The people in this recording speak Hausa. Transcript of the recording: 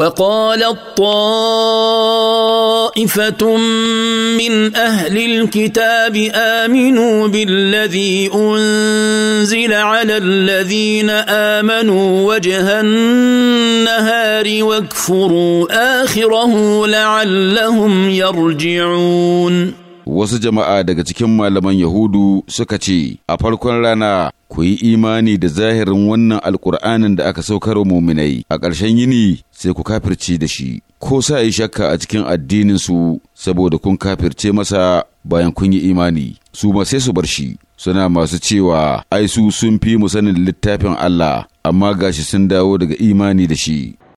وقال الطائفة من أهل الكتاب آمنوا بالذي أنزل على الذين آمنوا وجه النهار واكفروا آخره لعلهم يرجعون وسجم آدك daga لمن يهود سكتي suka لنا ku yi imani da zahirin wannan alkur'anin da aka saukar wa muminai a ƙarshen yini sai ku kafirce da shi ko sa yi shakka a cikin addinin su saboda kun kafirce masa bayan kun yi imani su ma sai su bar shi suna masu cewa ai su sun fi mu sanin littafin Allah amma gashi sun dawo daga imani da shi